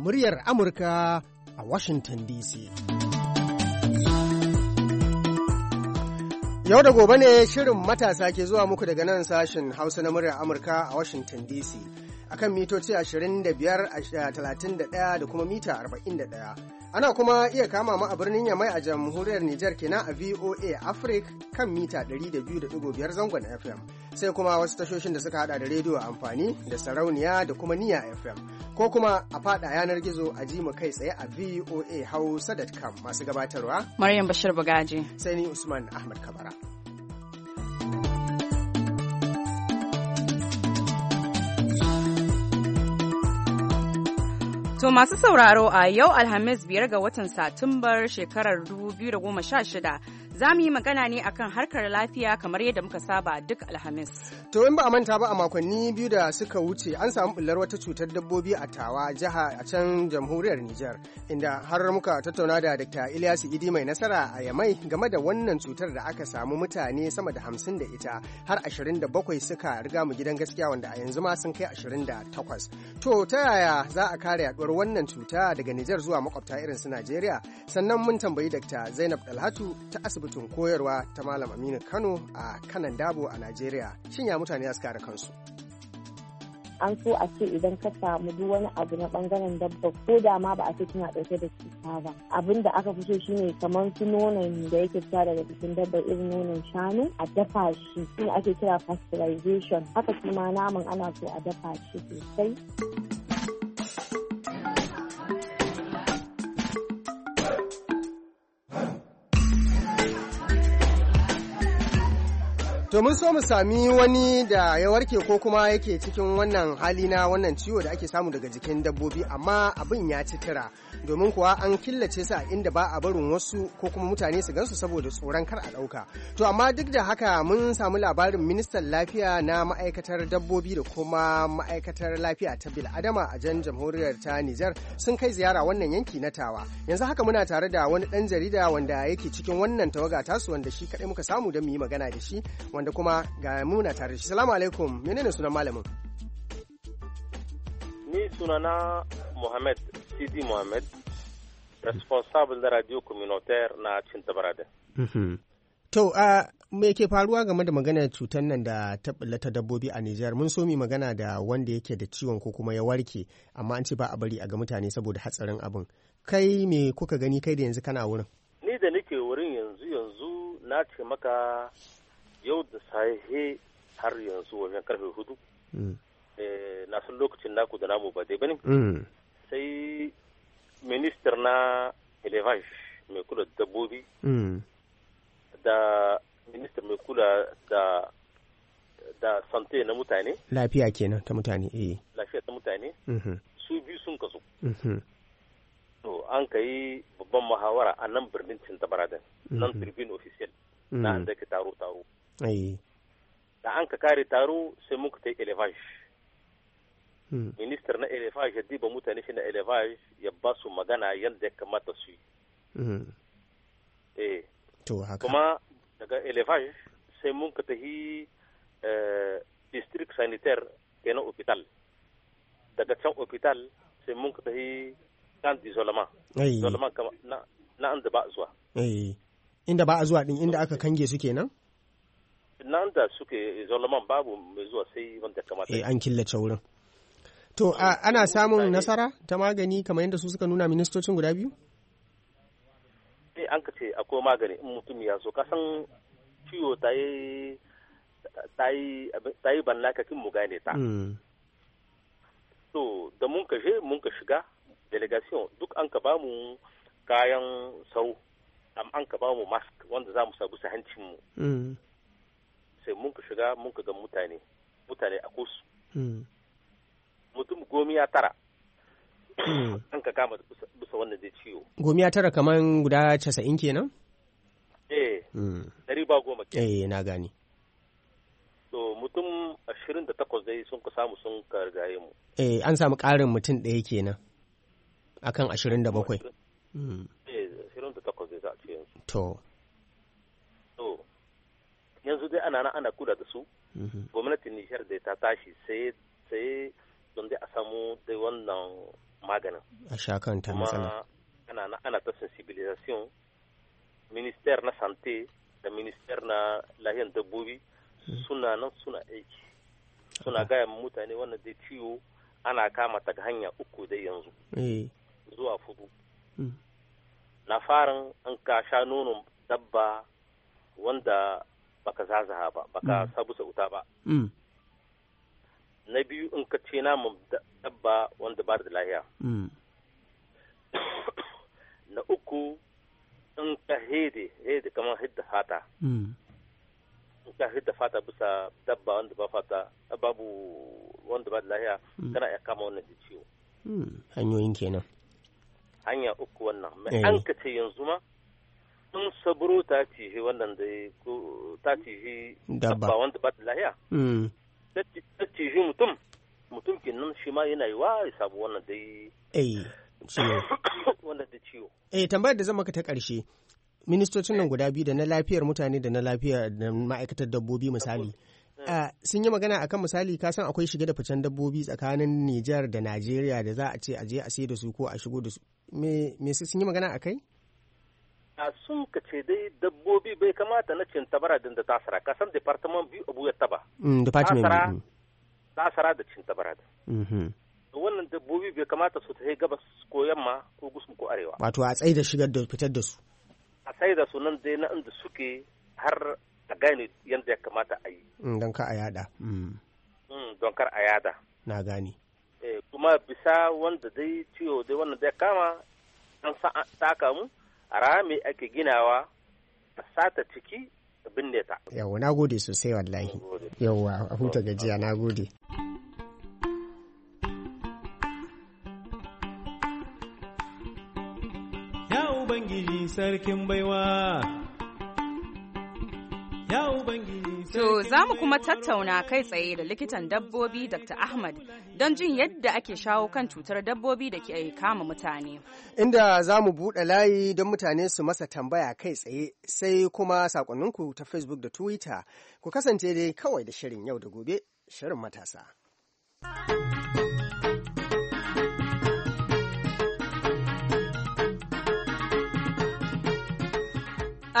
muryar Amurka a Washington DC. Yau da gobe ne shirin matasa ke zuwa muku daga nan sashen Hausa na muryar Amurka a Washington DC akan mitoci 25, 31 da kuma mita 41. Ana kuma iya kama mu a birnin Yamai a jamhuriyar Nijar kenan a VOA Africa kan mita 200.5 zangon FM. Sai kuma wasu tashoshin da suka hada da rediyo a amfani da sarauniya da kuma niya FM. Ko kuma a fada yanar gizo a ji mu kai tsaye a VOA Hausa.com masu gabatarwa. Maryam Bashir Bagaji. Sai ni Usman Ahmad Kabara. To masu sauraro a yau Alhamis biyar ga watan Satumbar shekarar 2016 Za mu yi magana ne akan harkar lafiya kamar yadda muka saba duk Alhamis. To in ba a manta ba a makonni biyu da suka wuce an samu bullar wata cutar dabbobi a Tawa jiha a can jamhuriyar Nijar inda har muka tattauna da Dr. Ilyasu Idi mai nasara a Yamai game da wannan cutar da aka samu mutane sama da hamsin da ita har ashirin da bakwai suka riga mu gidan gaskiya wanda a yanzu ma sun kai ashirin da takwas. To ta yaya za a kare yaduwar wannan cuta daga Nijar zuwa makwabta irin su Najeriya? Sannan mun tambayi Dr. Zainab Dalhatu ta asibiti asibitin koyarwa ta Malam Aminu Kano a kanan dabo a Najeriya. Shin ya mutane ya kare kansu? An so a ce idan ka samu duk wani abu na bangaren dabba ko da ma ba a ce tana dauke da cuta ba. Abin da aka fi so shine kamar su nonon da yake fita daga cikin dabba irin nonon shanu a dafa shi shine ake kira pasteurization. Haka kuma naman ana so a dafa shi sosai. To mun so mu sami wani da ya warke ko kuma yake cikin wannan hali na wannan ciwo da ake samu daga jikin dabbobi amma abin ya ci tira domin kuwa an killace su a inda ba a barin wasu ko kuma mutane su gansu saboda tsoron kar a ɗauka. To amma duk da haka mun samu labarin ministan lafiya na ma'aikatar dabbobi da kuma ma'aikatar lafiya ta bil'adama a jan jamhuriyar ta Nijar sun kai ziyara wannan yanki na tawa. Yanzu haka muna tare da wani ɗan jarida wanda yake cikin wannan tawaga tasu wanda shi kaɗai muka samu don mu yi magana da shi da kuma ga muna tare shi salamu alaikum menene sunan malamin ni sunana Mohamed Sidi Mohamed responsable da radio communautaire na Cintabarada. Mhm. To a me ke faruwa game da maganar cutar nan da ta ta dabbobi a Nijar mun so mi magana da wanda yake da ciwon ko kuma ya warke amma an ce ba a bari a ga mutane saboda hatsarin abin. Kai me kuka gani kai da yanzu kana wurin? Ni da nake wurin yanzu yanzu na ce maka yau da sahe har yanzu wajen karfe hudu mm. eh, na sun lokacin naku da namu ba dai bane mm. sai ministar na elevage mai kula da dabbobi mm. da ministar mai kula da da sante na mutane lafiya kenan ta mutane eh lafiya ta mutane mm-hmm. su biyu sun kasu mm-hmm. to an ka yi babban muhawara a nan birnin cintabara nan mm-hmm. tribune official na an da ke taro taro Eh. da an ka kare taro sai muka ta yi elevage hmm. ministar na elevage ya diba mutane shi na elevage ya ba su magana yadda ya kamata su yi hmm. eh. kuma daga elevage sai mun ka yi eh, district sanitaire ke na hospital daga can hospital sai mun ka yi kan isolama isolama na da ba a zuwa inda ba a zuwa din inda aka kange su kenan nan da suke zolaman babu mai zuwa sai wanda kamata eh an killace wurin to ana samun nasara ta magani kamar yadda su suka nuna ministocin guda biyu eh an ka ce akwai magani in mutum ya zo kasan ciwo ta yi ta yi banna kakin mu gane ta hmm. to da mun ka je mun ka shiga delegation duk an ka bamu kayan amma an ka bamu mask wanda za mu sabu su hancin mu hmm. sai mun ka shiga mun ka ga mutane mutane a kusu hmm. mutum gomiya tara hmm. an ka kama bisa wannan zai ciwo gomiya tara kamar guda casa'in kenan eh dari hmm. ba goma ke eh na gani to mutum ashirin da takwas dai sun ka samu sun ka rigaye mu eh an samu karin mutum ɗaya kenan akan ashirin da bakwai eh, ashirin da takwas dai za a ce to yanzu dai ana nan ana kula da su mhm. gwamnatin nishar da ta tashi sai sai don dai a samu dai wannan maganin a shakan ta matsala ana nan ana ta sensibilisation minister na santé da minister na lahiyar dabbobi mhm. suna nan suna aiki suna gaya mutane wannan dai ciwo ana kama ta hanya uku dai yanzu eh. zuwa fudu mm. na farin an ka sha nonon dabba wanda baka zazaha ba baka mm. sabu wuta ba mm. na biyu in ka ce na dabba wanda ba da lahiya mm. na uku in ka hede hede kamar hidda fata in ka hidda fata bisa dabba wanda ba fata babu wanda ba da lahiya kana iya kama wannan da ciwo hanyoyin kenan hanya uku wannan mai eh. an ka ce yanzu ma sun saburo ta cihi wannan da ta cihi dabba wanda ba ta lahiya mm. ta cihi mutum mutum nan shi ma yana yi wa ya sabu wannan yi. wannan da ciwo eh tambayar da zan maka ta ƙarshe ministocin nan guda biyu da na lafiyar mutane da na lafiyar da ma'aikatar dabbobi misali eh. ah, sun yi magana akan misali ka san akwai shige da ficen dabbobi tsakanin Nijar da Najeriya da za a ce a je a sai da su ko a shigo da su me sun yi magana akai? a sun ka ce dai dabbobi bai kamata na cin tabara din da tasara ka san departement biyu abu ya taba mm, tasara tasara da cin tabara din mm-hmm. wannan dabbobi bai kamata su ta gabas ko yamma ko gusum ko arewa wato a tsaye da shigar da fitar da su a tsaye da sunan dai na inda suke har a gane yadda ya kamata a yi mm, don ka a yada mm. don kar a yada na gane eh, kuma bisa wanda dai ciwo dai wannan da ya kama an sa'a ta rami ake ginawa a sata ciki binne ta Yawwa na gode sosai wallahi Yawwa a huta gajiya na gode ya ubangiji sarkin baiwa to za mu kuma tattauna kai tsaye da likitan dabbobi Dr. Ahmad don jin yadda ake shawo kan cutar dabbobi da ke kama mutane inda za mu buɗe layi don mutane su masa tambaya kai tsaye sai kuma sakonninku ta Facebook da Twitter ku kasance dai kawai da shirin yau da gobe shirin matasa.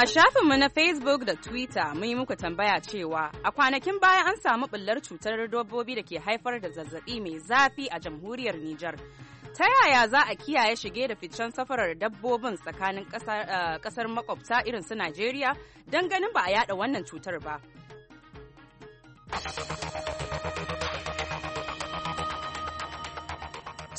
A shafinmu na Facebook da Twitter mun yi muku tambaya cewa a kwanakin baya an samu ɓullar cutar dabbobi da ke haifar da zazzaɓi mai zafi a jamhuriyar Nijar. Ta yaya za a kiyaye shige da ficen safarar dabbobin tsakanin ƙasar makwabta irin su Najeriya don ganin ba a yada wannan cutar ba.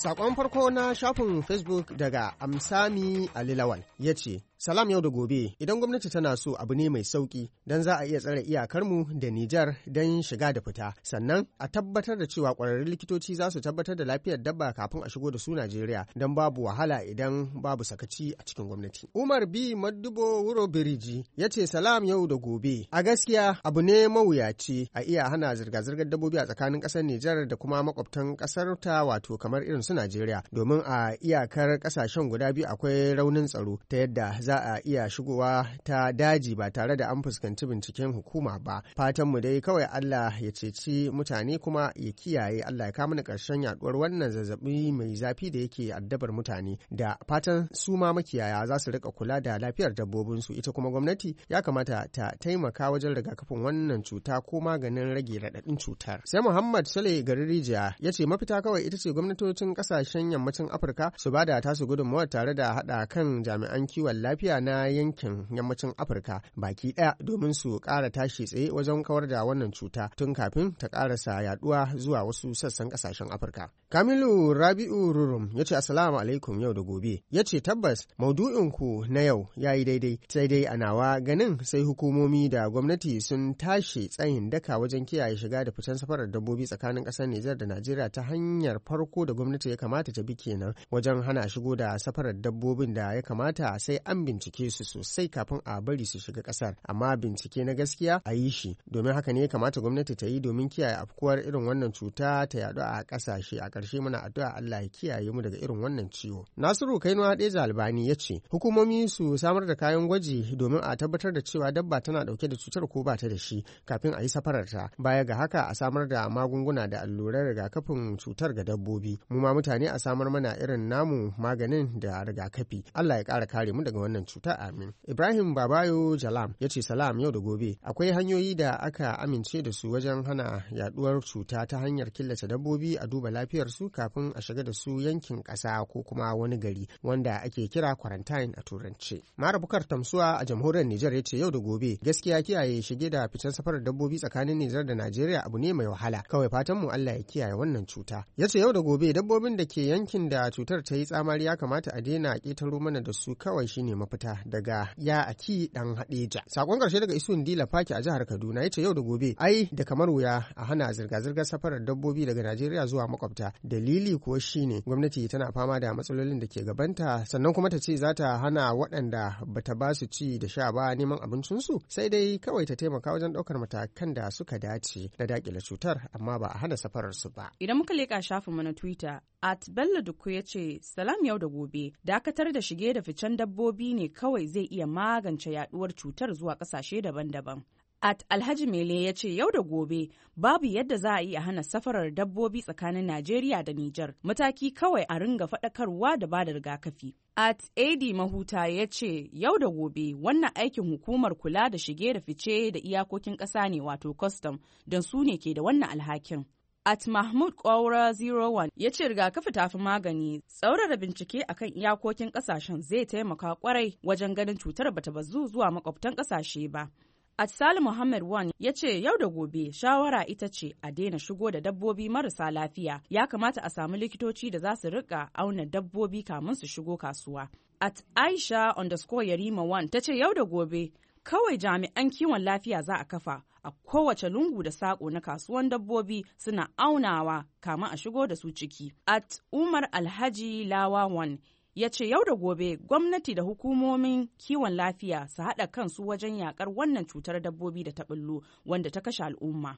saƙon farko na shafin Facebook daga Amsami Alilawal ya ce, Salam yau da gobe idan gwamnati tana so abu ne mai sauki don za a iya tsare iyakarmu da Nijar don shiga da fita sannan a tabbatar da cewa kwararrun likitoci za su tabbatar da lafiyar dabba kafin a shigo da su Najeriya don babu wahala idan babu sakaci a cikin gwamnati. Umar B. Maddubo Wuro Biriji ya ce salam yau da gobe a gaskiya abu ne mawuyaci a iya hana zirga-zirgar dabbobi a tsakanin ƙasar Nijar da kuma makwabtan ƙasar ta wato kamar irin su Najeriya domin a iyakar ƙasashen guda biyu akwai raunin tsaro ta yadda za a iya shigowa ta daji ba tare da an fuskanci binciken hukuma ba fatanmu dai kawai allah ya ceci mutane kuma ya kiyaye allah ya kama karshen yaduwar wannan zazzabi mai zafi da yake addabar mutane da fatan su ma makiyaya za su rika kula da lafiyar dabbobinsu ita kuma gwamnati ya kamata ta taimaka wajen rigakafin wannan cuta ko maganin rage raɗaɗin cutar sai muhammad sule Gari rijiya ya ce mafita kawai ita ce gwamnatocin kasashen yammacin afirka su bada tasu gudunmawar tare da haɗa kan jami'an kiwon lafiya lafiya na yankin yammacin Afirka baki ɗaya domin su kara tashi tsaye wajen kawar da wannan cuta tun kafin ta karasa yaduwa zuwa wasu sassan kasashen Afirka. Kamilu Rabi'u Rurum ya ce Assalamu alaikum yau da gobe. Ya ce tabbas maudu'in na yau ya yi daidai sai dai a nawa ganin sai hukumomi da gwamnati sun tashi tsayin daka wajen kiyaye shiga da fitan safarar dabbobi tsakanin ƙasar Nijar da Najeriya ta hanyar farko da gwamnati ya kamata ta bi kenan wajen hana shigo da safarar dabbobin da ya kamata sai an bincike su sosai kafin a bari su shiga kasar amma bincike na gaskiya a yi shi domin haka ne ya kamata gwamnati ta yi domin kiyaye afkuwar irin wannan cuta ta yadu a kasashe a ƙarshe muna addu'a Allah ya kiyaye mu daga irin wannan ciwo Nasiru Kainuwa Deja Albani ya ce hukumomi su samar da kayan gwaji domin a tabbatar da cewa dabba tana dauke da cutar ko ba ta da shi kafin a yi safarar ta baya ga haka a samar da magunguna da allurar rigakafin cutar ga dabbobi mu ma mutane a samar mana irin namu maganin da rigakafi Allah ya ƙara kare mu daga wannan wannan cuta amin ibrahim babayo jalam ya ce salam yau da gobe akwai hanyoyi da aka amince da su wajen hana yaduwar cuta ta hanyar killace dabbobi a duba lafiyar su kafin a shiga da su yankin ƙasa ko kuma wani gari wanda ake kira quarantine a turance mara bukar tamsuwa a jamhuriyar nijar ya ce yau da gobe gaskiya kiyaye shige da fitar safarar dabbobi tsakanin nijar da najeriya abu ne mai wahala kawai fatan mu allah ya kiyaye wannan cuta ya ce yau da gobe dabbobin da ke yankin da cutar ta yi tsamari ya kamata a daina ƙetaro mana da su kawai shine mafita daga ya aki dan hadeja sakon karshe daga isun dila faki a jihar kaduna yace yau da gobe ai da kamar wuya a hana zirga-zirgar safarar dabbobi daga najeriya zuwa makwabta dalili kuwa shine gwamnati tana fama da matsalolin da ke gabanta sannan kuma ta ce za ta hana waɗanda bata ba su ci da sha ba neman abincinsu sai dai kawai ta taimaka wajen ɗaukar matakan da suka dace na dakile cutar amma ba a hana safarar su ba idan muka leƙa shafin mu na twitter at bello duku ya ce salam yau da gobe dakatar da shige da ficen dabbobi ne kawai zai iya magance yaduwar cutar zuwa kasashe daban-daban. At Alhaji Mele ya ce yau da gobe babu yadda za a iya hana safarar dabbobi tsakanin Najeriya da Nijar mataki kawai a ringa faɗakarwa da ba da rigakafi. At AD Mahuta ya ce yau da gobe wannan aikin hukumar kula da shige da fice da iyakokin ƙasa ne wato custom don su ne ke da wannan alhakin. at mahmud kwaura 01 ya ce rigakafi tafi magani tsaurara bincike akan iyakokin kasashen zai taimaka kwarai wajen ganin cutar bata bazu zuwa makwabtan kasashe ba at sali muhammad wan ya ce yau da gobe shawara ita ce a daina shigo da dabbobi marasa lafiya ya kamata a samu likitoci da za su rika auna dabbobi kamun su shigo kasuwa at aisha underscore yarima wan ta ce yau da gobe Kawai jami'an kiwon lafiya za a kafa a kowace lungu da sako na kasuwan dabbobi suna aunawa kama a shigo da su ciki. At Umar Alhaji Lawawan ya ce yau da gobe gwamnati da hukumomin kiwon lafiya su haɗa kansu wajen yakar wannan cutar dabbobi da ta ɓullo wanda ta kashe al'umma.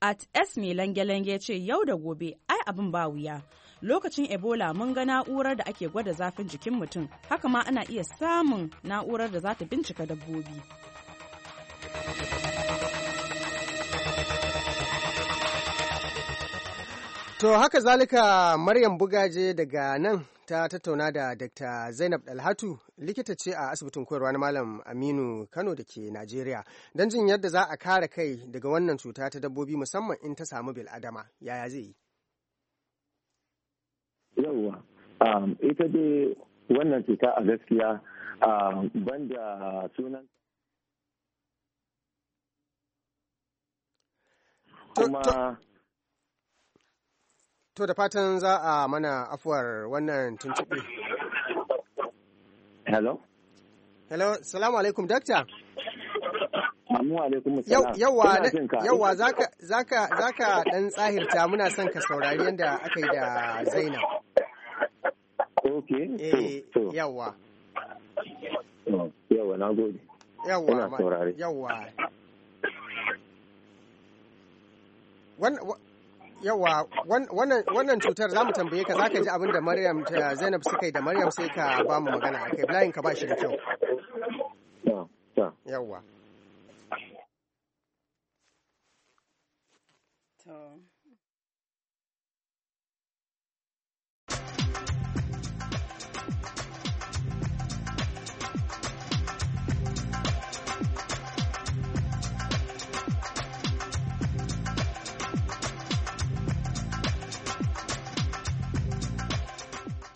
At S mai lange-lange ce yau da gobe ai abin ba wuya. Lokacin Ebola mun ga na'urar da ake gwada zafin jikin mutum, haka ma ana iya samun na'urar da za ta bincika dabbobi. To haka zalika Maryam Bugaje daga nan ta tattauna da Dr. Zainab Dalhatu likita ce a asibitin koyarwa na Malam Aminu Kano da ke Najeriya don jin yadda za a kare kai daga wannan cuta ta dabbobi musamman in ta samu bil'adama yaya zai yi. Yawwa, ita dai wannan cuta a gaskiya banda sunan kuma To da fatan za a mana afuwar wannan tuntuɓe. Hello? Hello, salamu alaikum, dakta. Amu alaikum salam. Yawwa, za ka ɗan tsahirta muna son ka saurari yadda aka yi da Zainab. Ok, eh, yawwa. Yawwa, na gode. Yawwa, yawwa. yawa wannan cutar za mu tambaye ka za ka ji abin da maryam eh, zainab suka yi da maryam sai ka ba mu magana a kai layin ka ba shi da kyau yawa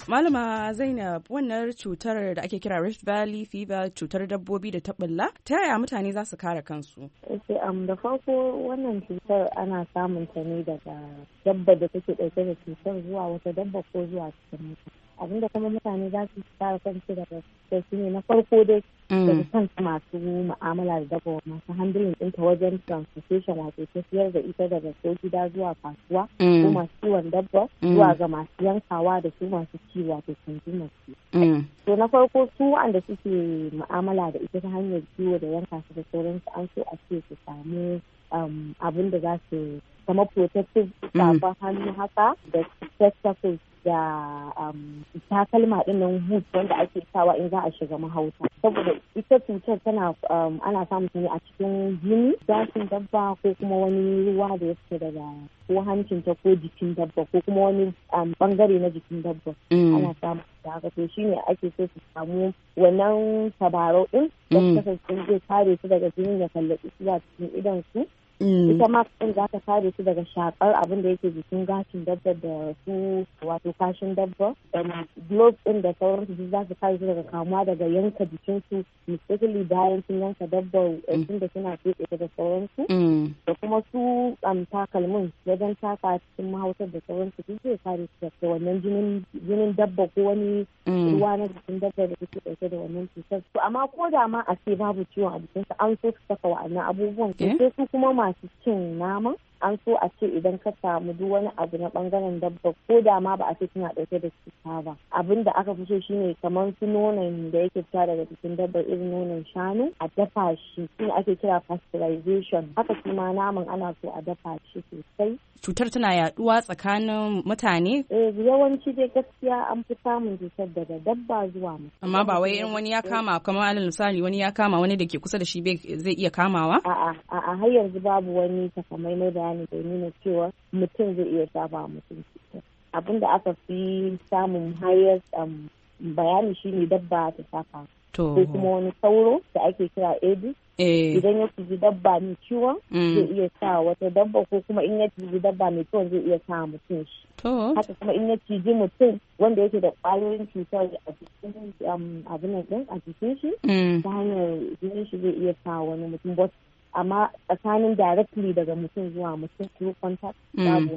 Malama Zainab wannan cutar da ake kira Rift Valley fever cutar dabbobi da taɓulla ta yaya mutane za su kare kansu? Ake da farko wannan cutar ana samun ta ne daga dabba da take ɗauke da cutar zuwa wata dabba ko zuwa cikin mutum. abinda kuma mutane za su fara kansu daga da ne na farko dai mm. daga su masu mu'amala da dabawa masu handling ɗinta wajen transportation wato siyar da ita daga so gida zuwa kasuwa ko mm. masu kiwon dabba mm. zuwa ga masu yankawa da su masu ci wato consumers to na farko su wanda suke ma'amala da ita ta hanyar ciwo da yanka su da sauransu an so a ce su samu um, abin da za su kama protective safar hannu haka da testicles da um, takalma din nan hut wanda ake sawa in za a shiga mahauta saboda ita cutar tana um, ana samun ne a cikin jini zafin dabba ko kuma wani ruwa da ya daga ko hancin ta ko jikin dabba ko kuma wani um, bangare na jikin dabba mm. ana samun haka to shine ake so su samu wannan tabarau din da mm. kasance zai kare su daga jinin da kallabi zuwa cikin idon su Mm. ita ma kan za ta kare su daga shakar abinda yake jikin gashin dabba da su wato kashin dabba da gloves din da sauransu su za su kare su daga kamuwa daga yanka jikin su misali bayan sun yanka dabba eh, mm. tun da suna fete ta da sauransu mm. da kuma su um, takalmin wajen taka cikin mahautar da sauransu duk zai kare su daga wannan jinin dabba ko wani ruwa na jikin dabba da suke dauke da wannan cutar su amma ko da ma a ce babu ciwon a su an so su saka wa'annan abubuwan sai su kuma masu cin naman an so a ce idan ka samu duk wani abu na bangaren dabba ko da ma ba a ce tana dauke da cuta ba abin da aka fi so shine kamar su nonon da yake fita daga cikin dabbar irin nonon shanu a dafa shi shine ake kira pasteurization haka kuma naman ana so a dafa shi sosai cutar tana yaduwa tsakanin mutane eh yawanci dai gaskiya an fi samun cutar daga dabba zuwa mu amma ba wai irin wani ya kama kamar alal misali wani ya kama wani da ke kusa da shi zai iya kamawa a'a a'a har yanzu babu wani takamaimai bayani bayani da nuna cewa mutum zai iya saba mutum abin da aka fi samun hayar um, bayani shine dabba ta saka, ko kuma wani sauro da ake kira edu eh. idan ya ciji dabba mai ciwon mm. zai iya sa wata dabba ko kuma in ya ciji dabba mai ciwon zai iya sa mutum shi haka kuma in ya ciji mutum wanda yake da kwayoyin cutar a jikin um, abin nan a jikin shi mm. ta hanyar jinin shi zai iya sa wani mutum amma tsakanin directly daga mutum zuwa mutum through contact hmm.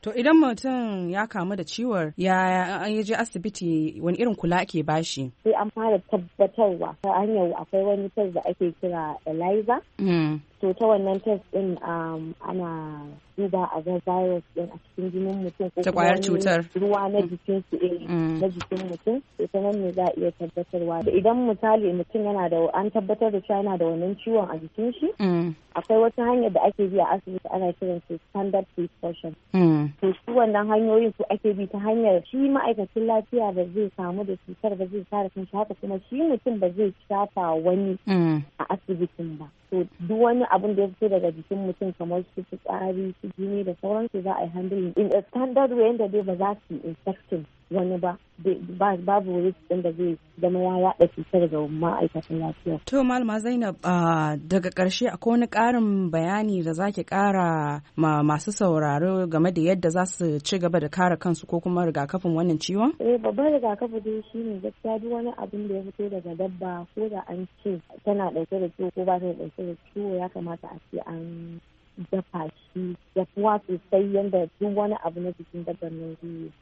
To idan mutum ya kamu da ciwon ya ya je asibiti wani irin kula ake bashi? Sai an fara tabbatarwa ta hanyar akwai wani tas da ake kira eliza. Hmm. to ta wannan test din um, ana duba a ga virus din a cikin jinin mutum ko kwayar cutar ruwa na mm. jikin su eh, mm. na jikin mutum to ta nan ne za a iya tabbatarwa da idan misali mutum yana da an tabbatar da cewa yana da wannan ciwon a jikin shi mm. akwai wata hanyar da ake bi a asibiti ana kiran su standard precaution to su wannan hanyoyin su ake bi ta hanyar shi ma'aikacin lafiya da zai samu da cutar ba zai kan shi haka kuma shi mutum ba zai shafa wani a asibitin ba to duk wani abin da ya fito daga jikin mutum kamar su fitsari su jini da sauransu za a yi handling in a standard way yadda dai ba za su infecting wani ba babu risk da zai zama ya yaɗa cutar ga ma'aikatan lafiya. To Malama Zainab daga karshe akwai wani karin bayani da zaki kara ma masu sauraro game da yadda za su ci gaba da kare kansu ko kuma rigakafin wannan ciwon? Eh babban rigakafi dai shi ne gaskiya duk wani abin da ya fito daga dabba ko da an ce tana dauke da ciwo ko ba ta dauke da ciwo ya kamata a ce an dafa shi dafuwa sosai yadda duk wani abu na jikin dabbar nan zai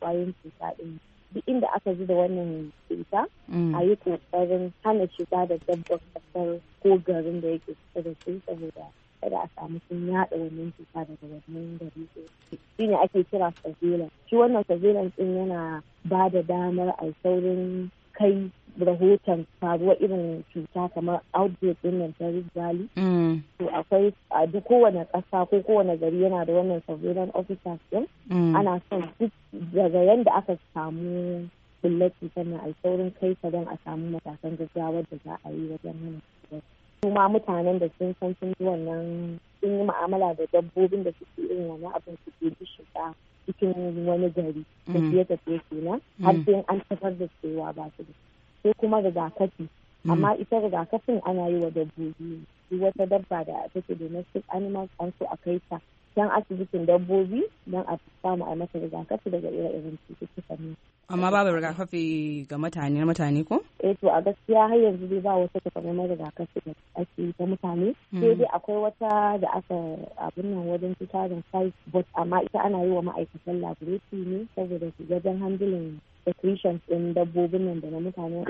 kwayoyin cuta din duk inda aka ji da wannan cuta mm. a yi kokarin hana shiga da dabbar kasar ko garin da yake cuta da shi saboda kada a samu sun yada wannan cuta daga wannan gari shi ne ake kira surveillance shi wannan surveillance din yana ba da damar a saurin kai rahoton faruwa irin cuta kamar outbreak din nan ta valley mm. to akwai a duk kowane ƙasa ko kowane gari yana da wannan surveillance officers din mm. ana son duk daga yadda aka samu bullar cutar nan a saurin kai ta don a samu matakan gaggawa da za a yi wajen hana cutar kuma mutanen da sun san sun ji wannan sun yi ma'amala da dabbobin da suke irin wani abin su ke ji shiga cikin wani gari fiye da fiye kenan har sai an tabbatar da cewa ba su da sai kuma rigakafi hmm. amma ita rigakafin ana yi wa dabbobi ne wata dabba da take domestic animals an so a kai ta can asibitin dabbobi don a samu a mata rigakafi daga ire cututtuka ne amma babu rigakafi ga mutane mutane ko? eh to a gaskiya har yanzu dai ba wata takamaiman rigakafi da ake ta mutane hmm. sai dai akwai wata da aka abin nan wajen 2005 but amma ita ana yi wa ma'aikatan laboratory ne saboda su gajen handling secretions ɗin dabbobin nan da na mutane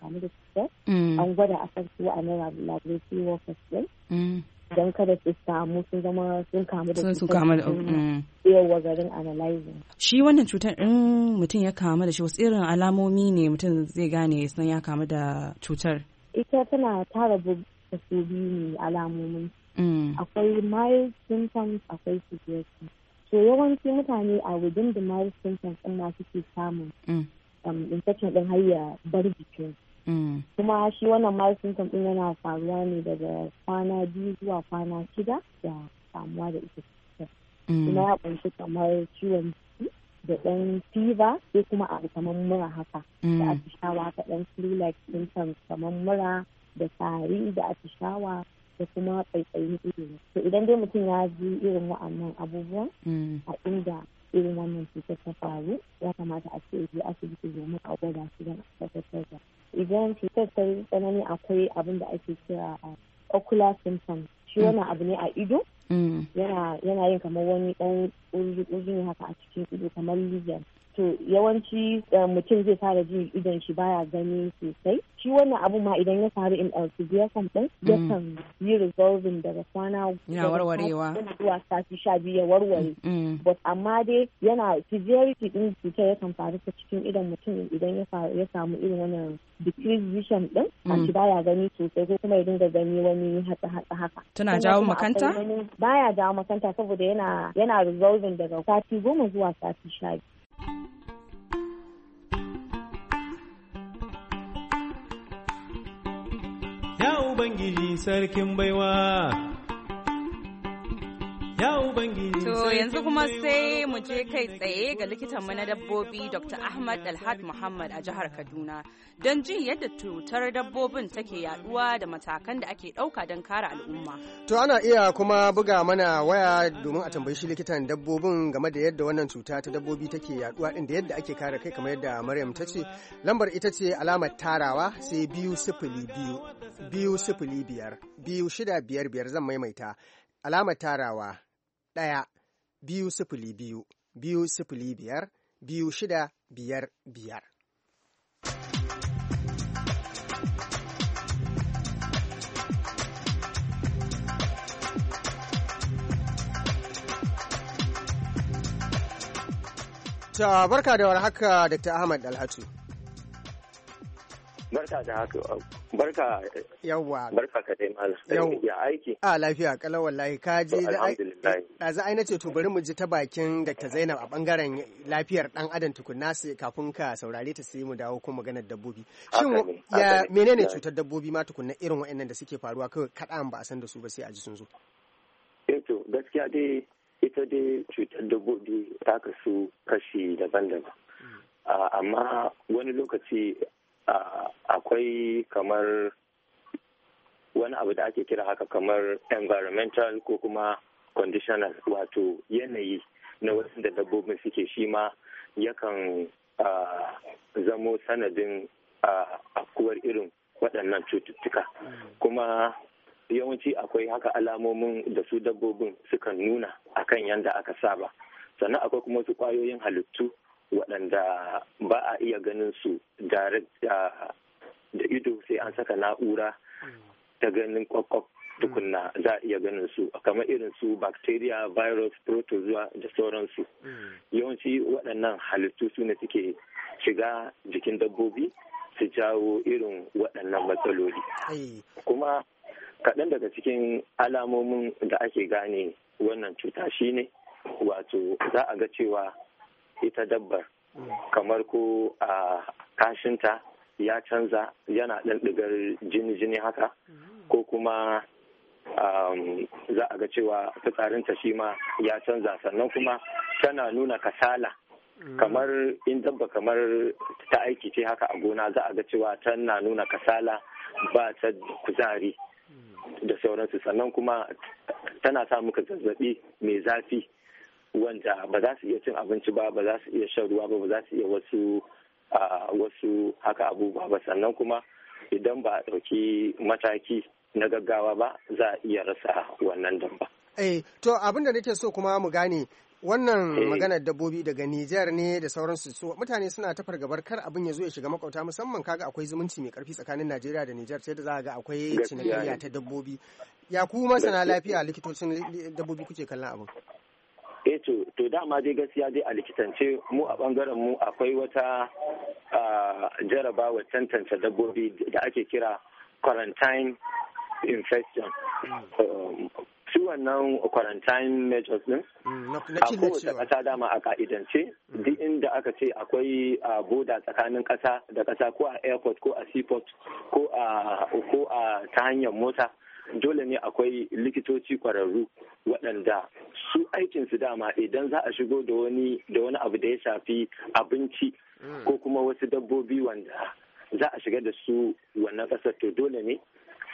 kamu da cutar mm. an gwada a kan su a na laboratory workers ɗin mm. don kada su samu sun zama sun kamu da cutar Sun da mm. yawa garin analyzing. Shi wannan cutar in mutum ya kamu da shi wasu irin alamomi ne mutum zai gane sun ya kamu da cutar. Ita tana tara kaso biyu ne alamomin. Akwai mild symptoms akwai severe symptoms. so yawanci mutane a wajen da mari symptoms din ma suke samun mm. um, infection din har ya bar jikin mm. kuma shi wannan mari symptom din yana faruwa ne daga kwana biyu zuwa kwana shida da samuwa da ita mm. kuma ya kunshi kamar ciwon jiki da ɗan fever sai kuma a kamar mura haka da atishawa ka dan flu like symptoms kamar mura da tari da atishawa da kuma tsaitsayin ilimi to idan dai mutum ya ji irin wa'annan abubuwan mm. a inda irin wannan cutar ta faru ya kamata a ce ya asibiti domin a gwada shi don a tabbatar da idan cutar ta yi tsanani akwai abin da ake kira ah, ocular symptoms shi mm. wannan abu ne a ido mm. yana yin kamar wani ɗan dan ne haka a cikin ido kamar lizard to yawanci eh, mutum zai fara jin idan shi baya gani sosai shi wannan abu ma idan ya faru in ɗin. Mm. Ya kan yi resolving daga kwana yana warwarewa yana zuwa sati sha biyu ya warware mm, mm. but amma dai yana severity ɗin cutar kan faru ta cikin idan mutum idan ya samu irin wannan decrease vision ɗin. a shi baya gani sosai ko kuma ya dinga gani wani hatsa hatsa haka tana jawo makanta baya jawo makanta saboda yana yana resolving daga sati goma zuwa sati sha biyu Ubangiji sarkin baiwa. ya yanzu kuma sai mu je kai tsaye ga likitan mu na dabbobi Dr. Ahmad Alhad Muhammad a jihar Kaduna don jin yadda cutar dabbobin take yaduwa da matakan da ake dauka don kare al'umma to ana iya kuma buga mana waya domin a tambayi shi likitan dabbobin game da yadda wannan cuta ta dabbobi take yaduwa din da yadda ake kare kai kamar yadda Maryam ta ce lambar ita ce alamar tarawa sai biyu sifili biyu biyu sifili biyar biyu shida biyar biyar zan maimaita alamar tarawa ɗaya biyu sifili biyu biyu sifili biyar biyu shida biyar biyar. Ta barka da warhaka Dr. Ahmad Dalhatu. Barka da haka. Barka. Yawwa. Barka ka dai malam. Ya aiki. A lafiya kalau wallahi ka ji da ɗazu ai to bari mu ji ta bakin Dr. Zainab a bangaren lafiyar dan adam tukunna su kafin ka saurare ta sai mu dawo kuma maganar dabbobi. Shin ya menene cutar dabbobi ma tukunna irin waɗannan da suke faruwa kawai kaɗan ba a san da su ba sai a ji sun zo. Eh gaskiya dai ita dai cutar dabbobi ta kasu kashi daban-daban. Hmm. Ah, amma wani lokaci akwai kamar wani abu da ake kira haka kamar environmental ko kuma conditional wato yanayi na wasu da dabbobin suke shi ma yakan zamo sanadin afkuwar irin waɗannan cututtuka kuma yawanci akwai haka alamomin da su dabbobin sukan nuna akan yadda aka saba sannan akwai kuma wasu kwayoyin halittu waɗanda ba a iya ganin su direct ah, da ido sai an saka na'ura ta ganin kwakwak tukunna za a iya ganin su kamar irin su bacteria virus protozoa da sauransu yawanci waɗannan halittu su ne suke shiga jikin dabbobi su jawo irin waɗannan matsaloli kuma kaɗan daga cikin alamomin da ake gane wannan cuta shine wato za a ga cewa ita dabbar kamar ko a kashinta ya canza yana ɗan ɗigar jini-jini haka ko kuma um, za a ga cewa fitsarinta shi ma ya canza sannan kuma tana nuna kasala kamar in dabba kamar ta aiki ce haka a gona za a ga cewa tana nuna kasala ba ta kuzari da sauransu sannan kuma tana sa muka zazzabi mai zafi wanda ba za su iya cin abinci ba ba za su iya shan ruwa ba ba za su iya wasu wasu haka abubuwa ba sannan kuma idan ba a ɗauki mataki na gaggawa ba za a iya rasa wannan damba. Eh, to abin da nake so kuma mu gane wannan hey. Eh. maganar dabbobi daga Nijar ne da sauransu so mutane suna ta fargabar kar abin ya zo ya shiga makauta musamman kaga akwai zumunci mai karfi tsakanin Najeriya da Nijar sai da za ga akwai cinikayya ta dabbobi ya ku masana lafiya likitocin dabbobi kuke kallon abin eh to to dama dai gaskiya dai a likitance mu a bangaren mu akwai wata jarabawa tantance dabbobi da ake kira quarantine infection su wannan quarantine measures din mm, a kowace kasa dama a ka'idance mm. duk inda aka ce akwai a boda tsakanin kasa da kasa ko a airport ko a seaport ko a ta hanyar mota dole ne akwai likitoci kwararru waɗanda su aikinsu dama idan za a shigo da wani da wani abu da ya shafi abinci mm. ko kuma wasu dabbobi wanda za a shiga da su wannan ƙasar to dole ne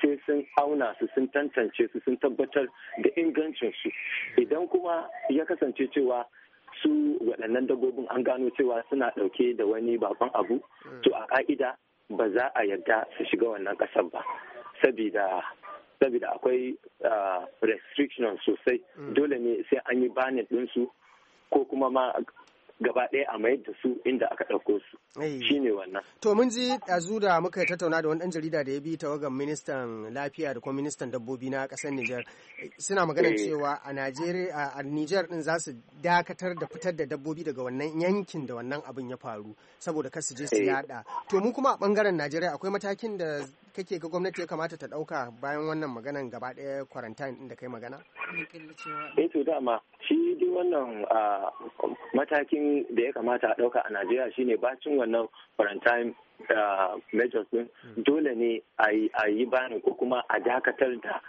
sai sun auna su sun tantance su sun tabbatar da ingancin su idan kuma ya kasance cewa su waɗannan dabbobin an gano cewa suna ɗauke da wani baban abu mm. to a ƙa'ida ba za a yarda su shiga wannan ƙasar ba sabida saboda akwai ah, restriction sosai mm. dole ne sai an yi banin su ko kuma ma gaba ɗaya a mayar da su inda aka ɗauko su shi ne wannan. To mun ji ɗazu da muka tattauna da wani ɗan jarida da ya bi tawagan ministan lafiya da kuma ministan dabbobi na ƙasar Nijar suna magana cewa a Nijar ɗin za su dakatar da fitar da dabbobi daga wannan yankin da wannan abin ya faru saboda kar su je su yaɗa. To mu kuma a ɓangaren Najeriya akwai matakin da kake ga gwamnati ya kamata ta dauka bayan wannan maganan gaba daya quarantine ɗin da kai magana? Eh to dama shi duk wannan matakin da ya kamata a dauka a Najeriya shine bacin wannan quarantine measures din hmm. dole ne a yi bani ko kuma a dakatar da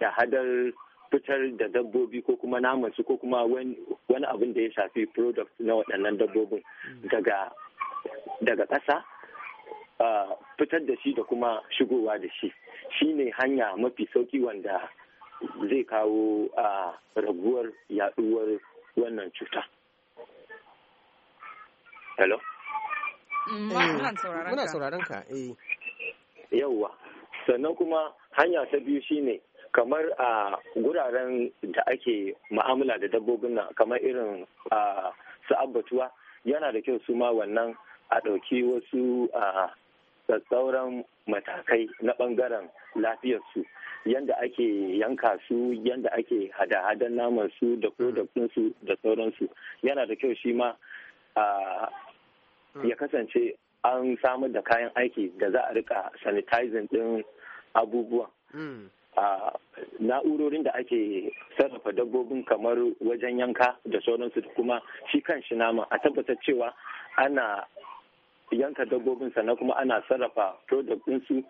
da hadar fitar da dabbobi ko kuma namansu ko kuma wani abin da ya shafi product na waɗannan dabbobin hmm. daga ƙasa fitar da shi da kuma shigowa da shi shine hanya mafi sauki wanda zai kawo a raguwar yaduwar wannan cuta. Hello? Mm, muna sauraron ka. Eh. Yauwa. Sannan kuma hanya ta biyu shine kamar a guraren da ake ma'amala da dabbobin nan kamar irin su abbatuwa yana da kyau su ma wannan a ɗauki wasu sauran matakai na bangaren lafiyarsu yadda ake yanka su yadda ake hada-hadan naman su da mm. su da sauransu yana da kyau shi ma mm. ya kasance an samar da kayan aiki da za a rika sanitizing din abubuwan mm. na'urorin da ake sarrafa dabbobin kamar wajen yanka da sauransu da kuma shi kan shi nama a tabbatar cewa ana yanka dabbobin sannan kuma ana sarrafa product ɗinsu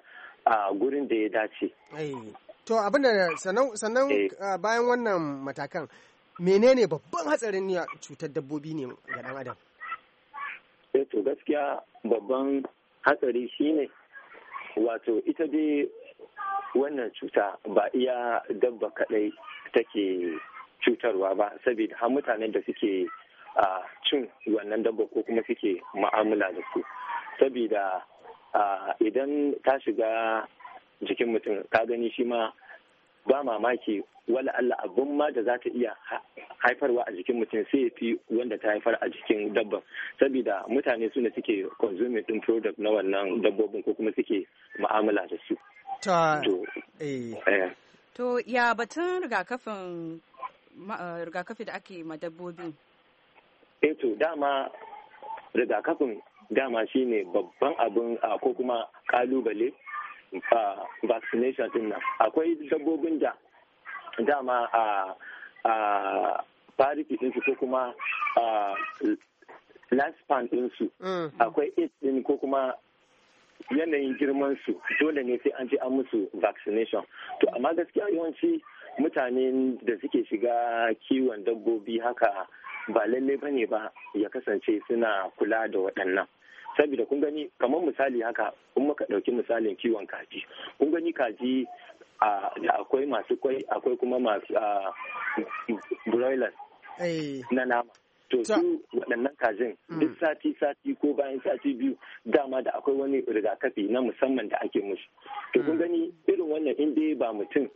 a gurin da ya dace. Eh, to abin da sannan eh. bayan wannan matakan menene babban hatsarin cutar dabbobi ne ga ɗan adam? Eh, to gaskiya babban hatsari shine wato ita dai wannan cuta ba iya dabba kaɗai take cutarwa ba saboda har mutanen da suke a cin wannan dabba ko kuma suke ma'amala da su sabida idan ta shiga jikin mutum ka gani shi ma ba mamaki wala Allah abun ma da za ta iya haifarwa a jikin mutum sai fi wanda ta haifar a jikin dabban saboda mutane su ne suke consuming din product na wannan dabbobin ko kuma suke mu'amala da su eh. Eh. to ya batun rigakafin eh, rigakafi da ake ma dabbobin eh dama rigakafin dama shi ne babban abin ah, ko kuma kalubale vaccination din nan akwai dabbobin da dama a ah, parity ah, ɗinsu ko kuma lifespan ɗinsu mm. akwai it ɗin ko kuma yanayin girman su dole ne sai an ji an musu vaccination to amma gaskiya yawanci mutanen da suke shiga kiwon dabbobi haka ba lalle ba ne ba ya kasance suna kula da waɗannan saboda kun gani kamar misali haka kun muka ɗauki misalin kiwon kaji kun gani kaji da akwai masu kwai akwai kuma masu broilers eh. na nama to su waɗannan kajin mm. duk sati sati ko bayan sati biyu dama da akwai wani rigakafi na musamman da ake musu to kun mm. gani irin wannan in dai ba mutum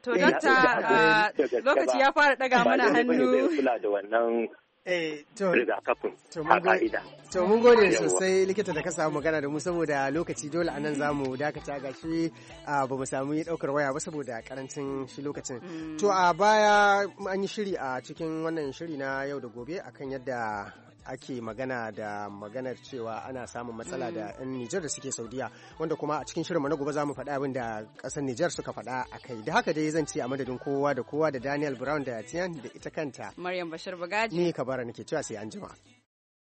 To, eh, dokta ah, lokaci ya fara daga mana hannu. Eh, to, mun gode sosai likita da ka samu magana da mu saboda lokaci dole anan za mu dakata gashi shi ah, ba mu samu yi daukar waya ba saboda karancin shi lokacin. Mm. To a baya an yi shiri a cikin wannan shiri na yau da gobe akan yadda ake magana da maganar cewa ana samun matsala da 'yan Nijar da suke Saudiya wanda kuma a cikin shirinmu na gobe za mu faɗa abin da ƙasar Nijar suka faɗa a kai. Da haka dai zan ce a madadin kowa da kowa da Daniel Brown da Tian da ita kanta. Maryam Bashir Bagaji. Ni ka bara nake cewa sai an jima.